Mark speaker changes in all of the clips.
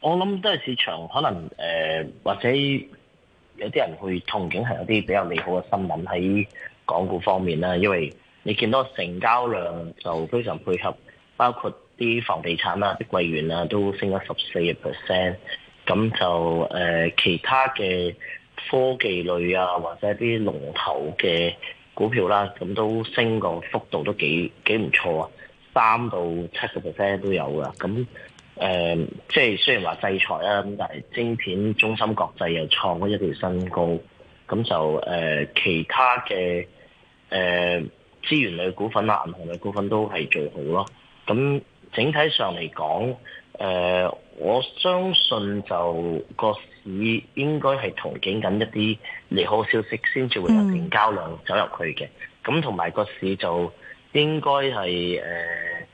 Speaker 1: 我諗都係市場可能誒、呃，或者有啲人去憧憬，係有啲比較利好嘅新聞喺港股方面啦。因為你見到成交量就非常配合，包括啲房地產啊、碧桂園啊，都升咗十四 percent，咁就誒、呃、其他嘅科技類啊，或者啲龍頭嘅股票啦、啊，咁都升個幅度都幾幾唔錯啊，三到七十 percent 都有噶，咁。誒、嗯，即係雖然話制裁啦，咁但係晶片中心國際又創咗一條新高，咁就誒、呃、其他嘅誒、呃、資源類股份啦、銀行類股份都係最好咯。咁整體上嚟講，誒、呃、我相信就個市應該係憧憬緊一啲利好消息先至會有成交量走入去嘅。咁同埋個市就應該係誒、呃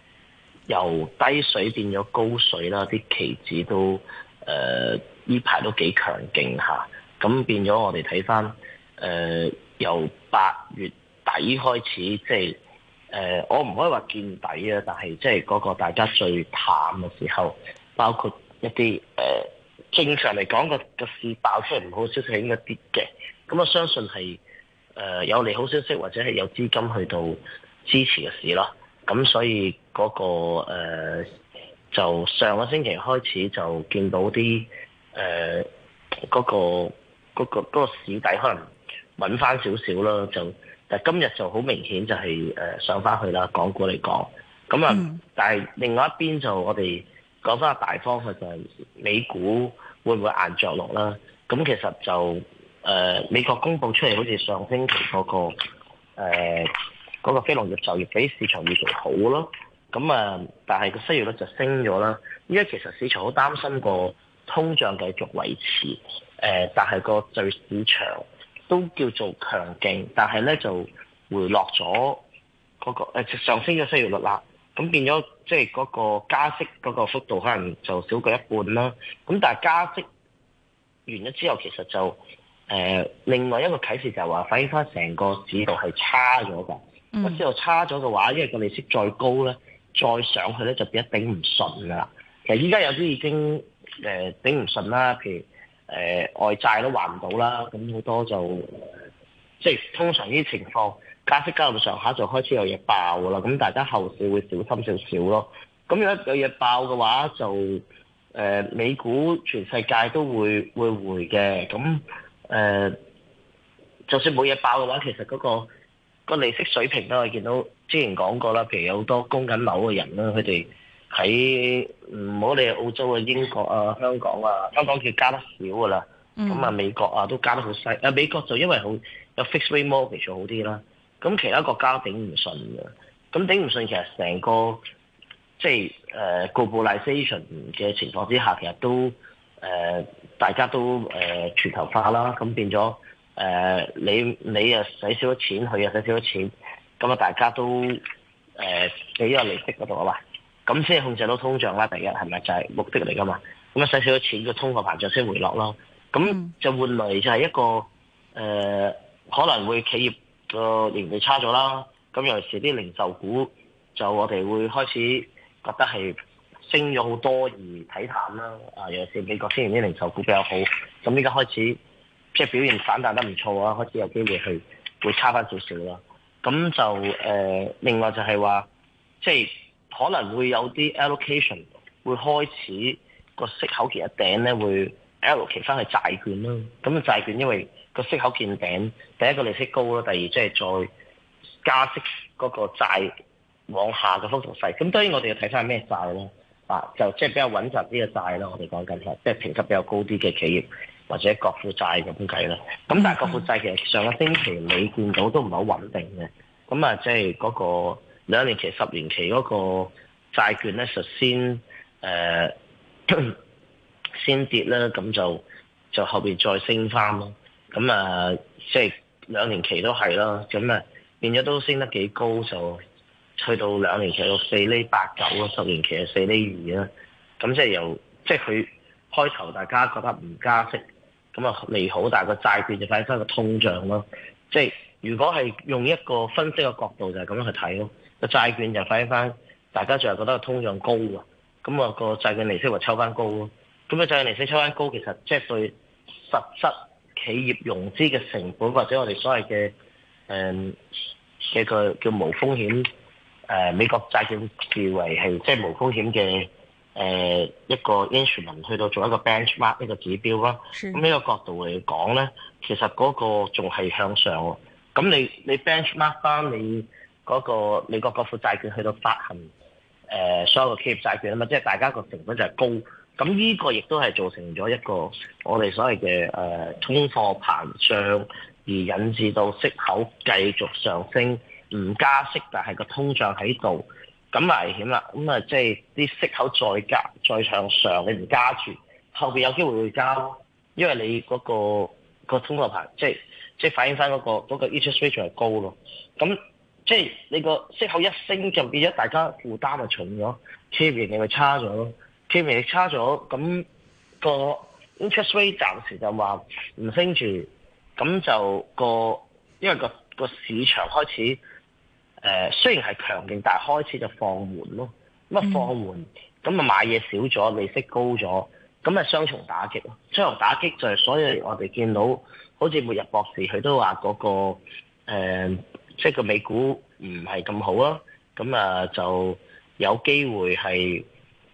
Speaker 1: 由低水變咗高水啦，啲期指都誒呢排都幾強勁下，咁變咗我哋睇返，誒由八月底開始，即係誒、呃、我唔可以話見底啊，但係即係嗰個大家最淡嘅時候，包括一啲誒、呃、正常嚟講個個市爆出嚟唔好消息應該跌嘅，咁我相信係誒、呃、有利好消息或者係有資金去到支持嘅市咯。咁所以嗰、那個、呃、就上個星期開始就見到啲誒嗰個嗰、那個嗰、那個市底可能搵翻少少啦，就但今日就好明顯就係、是呃、上翻去啦，港股嚟講。咁啊、嗯，但係另外一邊就我哋講翻個大方向就係美股會唔會硬着落啦？咁其實就誒、呃、美國公佈出嚟好似上星期嗰、那個、呃嗰、那個非農業就業比市場要仲好咯，咁啊，但係個失業率就升咗啦。因為其實市場好擔心個通脹繼續維持，誒、呃，但係個對市場都叫做強勁，但係咧就回落咗嗰、那個、呃、上升咗失業率啦。咁變咗即係嗰個加息嗰個幅度可能就少過一半啦。咁但係加息完咗之後，其實就誒、呃、另外一個啟示就係話反映翻成個指數係差咗㗎。嗯、之後差咗嘅話，因為個利息再高咧，再上去咧就變一頂唔順噶啦。其實依家有啲已經誒、呃、頂唔順啦，譬如誒、呃、外債都還唔到啦，咁好多就、呃、即係通常呢啲情況加息加到上下就開始有嘢爆噶啦。咁大家後市會小心少少咯。咁如果有嘢爆嘅話，就誒、呃、美股全世界都會會回嘅。咁誒、呃，就算冇嘢爆嘅話，其實嗰、那個。那個利息水平都我見到之前講過啦，譬如有好多供緊樓嘅人啦，佢哋喺唔好理澳洲啊、英國啊、香港啊，香港其實加得少噶啦。咁、嗯、啊，美國啊都加得好細，啊美國就因為好有 fixed rate mortgage 好啲啦。咁其他國家頂唔順嘅，咁頂唔順其實成個即係誒、uh, globalisation 嘅情況之下，其實都誒、uh, 大家都誒、uh, 全球化啦，咁變咗。誒、呃，你你又使少少錢，佢又使少少錢，咁啊大家都誒俾咗利息嗰度啊嘛，咁先控制到通脹啦、啊，第一係咪就係、是、目的嚟噶嘛？咁啊使少少錢，個通貨膨脹先回落咯。咁就換嚟就係一個誒、呃，可能會企業個盈利差咗啦。咁尤其是啲零售股，就我哋會開始覺得係升咗好多而睇淡啦。啊、呃，尤其是美國之前啲零售股比較好，咁依家開始。即係表現反彈得唔錯啊！開始有機會去會差翻少少啦。咁就誒、呃，另外就係話，即係可能會有啲 allocation 會開始個息，呢會個息口見頂咧，會 allocate 翻去債券咯。咁債債券因為個息口見頂，第一個利息高咯，第二即係再加息嗰個債往下嘅幅度細。咁當然我哋要睇翻係咩債咧，啊，就即係比較穩陣啲嘅債咯。我哋講緊係即係評級比較高啲嘅企業。或者國庫債咁計啦，咁但係國庫債其實上個星期尾見到都唔係好穩定嘅，咁啊即係嗰個兩年期、十年期嗰個債券咧，首先誒、呃、 先跌啦，咁就就後邊再升翻咯，咁啊即係兩年期都係啦，咁啊變咗都升得幾高，就去到兩年期到四厘八九啦，十年期係四厘二啦，咁即係由即係佢開頭大家覺得唔加息。咁啊，利好，但係個債券就反映翻個通脹咯。即、就是、如果係用一個分析嘅角度，就係咁樣去睇咯。個債券就反映翻大家仲係覺得個通脹高啊，咁、那、啊個債券利息咪抽翻高咯。咁、那、啊、個、債券利息抽翻高，其實即係對實質企業融資嘅成本，或者我哋所謂嘅嗯，嘅個叫、叫無風險、嗯、美國債券視為係即係無風險嘅。誒一個 instrument 去到做一個 benchmark 呢個指標啦，咁呢、這個角度嚟講咧，其實嗰個仲係向上。咁你你 benchmark 翻你嗰、那個美國國庫債券去到發行誒、呃、所有嘅企業債券啊嘛，即係大家個成本就係高。咁呢個亦都係造成咗一個我哋所謂嘅誒通貨膨脹，而引致到息口繼續上升，唔加息但係個通脹喺度。咁危險啦！咁啊，即係啲息口再加再向上，你唔加住，後面有機會會加，因為你嗰、嗰個嗰個通脹率即係即係反映翻、嗰、嗰個嗰、嗰個、interest rate 係高咯。咁即係你個息口一升就變咗大家負擔啊重咗，貯備你咪差咗，貯備力差咗，咁、嗰個 interest rate 暫時就話唔升住，咁就、嗰個因為個個市場開始。誒雖然係強勁，但係開始就放緩咯。咁啊放緩，咁啊買嘢少咗，利息高咗，咁啊雙重打擊咯。雙重打擊就係、是、所以我哋見到，好似末日博士佢都話嗰、那個、呃、即係個美股唔係咁好咯。咁啊就有機會係誒、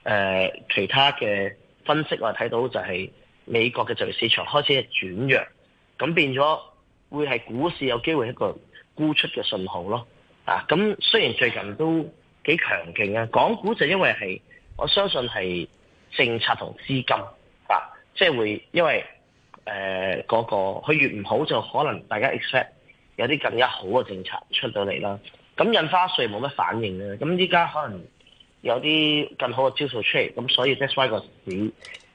Speaker 1: 呃、其他嘅分析我睇到就係美國嘅就業市場開始係轉弱，咁變咗會係股市有機會一個沽出嘅信號咯。啊，咁雖然最近都幾強勁啊，港股就因為係我相信係政策同資金啊，即、就、係、是、會因為誒嗰、呃那個佢越唔好就可能大家 expect 有啲更加好嘅政策出到嚟啦。咁印花稅冇乜反應咧，咁依家可能有啲更好嘅招數出嚟，咁所以即係 that's why 個市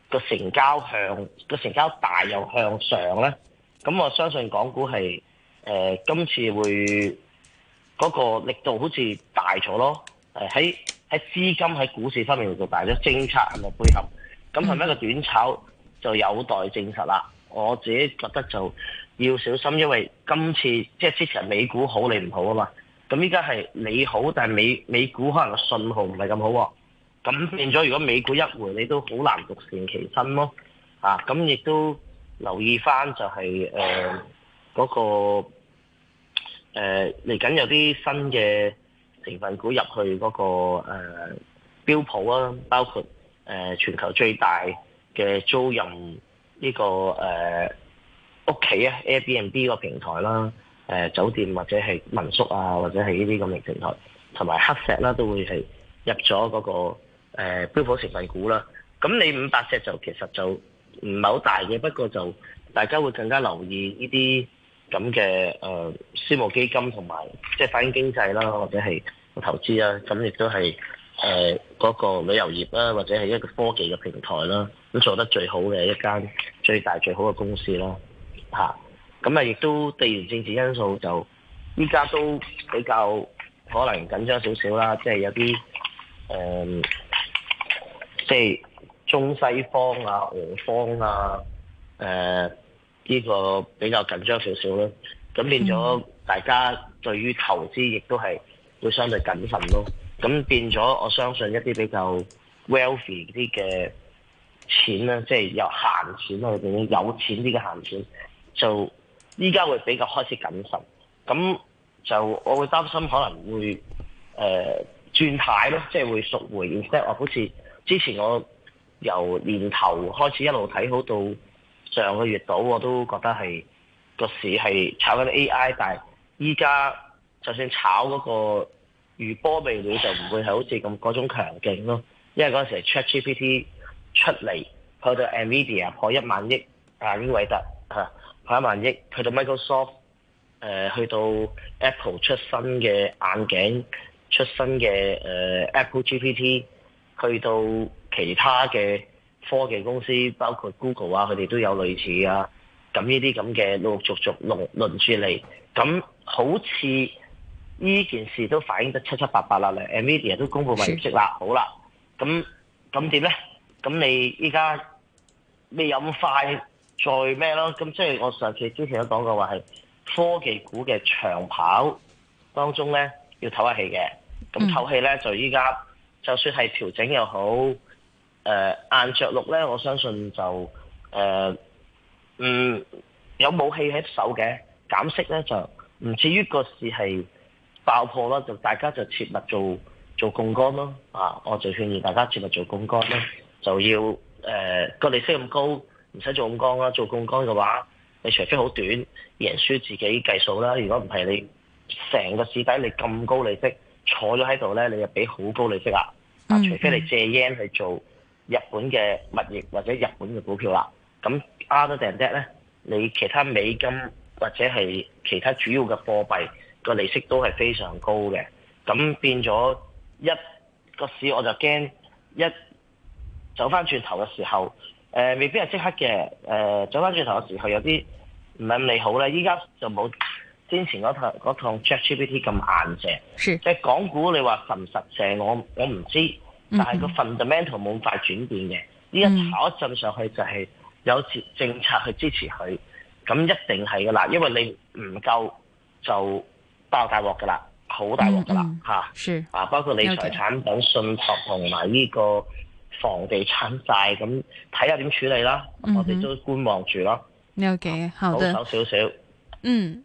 Speaker 1: 個成交向個成交大又向上咧，咁我相信港股係誒、呃、今次會。嗰、那個力度好似大咗咯，誒喺喺資金喺股市方面力度大咗，政策係咪配合？咁係咪一個短炒就有待證實啦？我自己覺得就要小心，因為今次即係之前美股好你唔好啊嘛，咁依家係你好，但係美美股可能個信號唔係咁好，咁變咗如果美股一回你都好難獨善其身咯，啊咁亦都留意翻就係誒嗰個。誒嚟緊有啲新嘅成分股入去嗰、那個誒、呃、標普啊，包括誒、呃、全球最大嘅租賃呢、這個誒屋企啊，Airbnb 個平台啦，誒、呃、酒店或者係民宿啊，或者係呢啲咁嘅平台，同埋黑石啦、啊、都會係入咗嗰個誒、呃、標普成分股啦。咁你五百隻就其實就唔係好大嘅，不過就大家會更加留意呢啲。咁嘅誒私募基金同埋即係反映經濟啦，或者係投資啊，咁亦都係誒嗰個旅遊業啦，或者係一個科技嘅平台啦，咁做得最好嘅一間最大最好嘅公司啦，嚇！咁啊，亦都地緣政治因素就依家都比較可能緊張少少啦，即係有啲誒，即係中西方啊、俄方啊、誒。呢、這個比較緊張少少咯，咁變咗大家對於投資亦都係會相對謹慎咯。咁變咗，我相信一啲比較 wealthy 啲嘅錢即係、就是、有閒錢或者有錢啲嘅閒錢，就依家會比較開始謹慎。咁就我會擔心可能會誒、呃、轉態咯，即、就、係、是、會贖回，即係我好似之前我由年頭開始一路睇好到。上個月度我都覺得係個市係炒緊 A.I.，但係依家就算炒嗰個餘波未了就唔會係好似咁嗰種強勁咯。因為嗰陣時 ChatGPT 出嚟，去到 Nvidia 破一萬億，啊英偉達破一萬億，去到 Microsoft、啊、去到 Apple 出新嘅眼鏡，出新嘅、啊、Apple GPT，去到其他嘅科技公司包括 Google 啊，佢哋都有類似啊，咁呢啲咁嘅陸陸續續輪輪住嚟，咁好似呢件事都反映得七七八八啦。嚟 N、mm-hmm. vidia 都公布埋業績啦，好啦，咁咁點咧？咁你依家未咁快再咩咯？咁即係我上次之前都講過話，係科技股嘅長跑當中咧要唞下氣嘅，咁唞氣咧就依家、mm-hmm. 就算係調整又好。誒、呃，硬着陸咧，我相信就誒、呃，嗯，有武器喺手嘅減息咧，就唔至於個市係爆破啦，就大家就切勿做做槓桿咯，啊，我就勸議大家切勿做槓桿咧，就要誒個、呃、利息咁高，唔使做槓桿啦，做槓桿嘅話，你除非好短，贏輸自己計數啦。如果唔係你成個市底你咁高利息，坐咗喺度咧，你就俾好高利息啦，啊
Speaker 2: ，mm-hmm. 除非你
Speaker 1: 借 yen 去做。日本嘅物業或者日本嘅股票啦，咁 r 到定 d 咧，你其他美金或者係其他主要嘅貨幣個利息都係非常高嘅，咁變咗一個市我就驚一走翻轉頭嘅時候，誒、呃、未必係即刻嘅，誒、呃、走翻轉頭嘅時候有啲唔係利好咧，依家就冇先前嗰趟嗰趟 ChatGPT 咁硬淨，即、就、係、是、港股你話實唔實淨，我我唔知。但係個 fundamental 冇咁快轉變嘅，呢一炒一陣上去就係有政政策去支持佢，咁、嗯、一定係噶啦，因為你唔夠就爆大鑊噶啦，好大鑊噶啦吓，啊包括理財產品、信託同埋呢個房地產債，咁、嗯、睇下點處理啦，我哋都觀望住咯，
Speaker 2: 有幾後盾保守
Speaker 1: 少少，嗯。
Speaker 2: 啊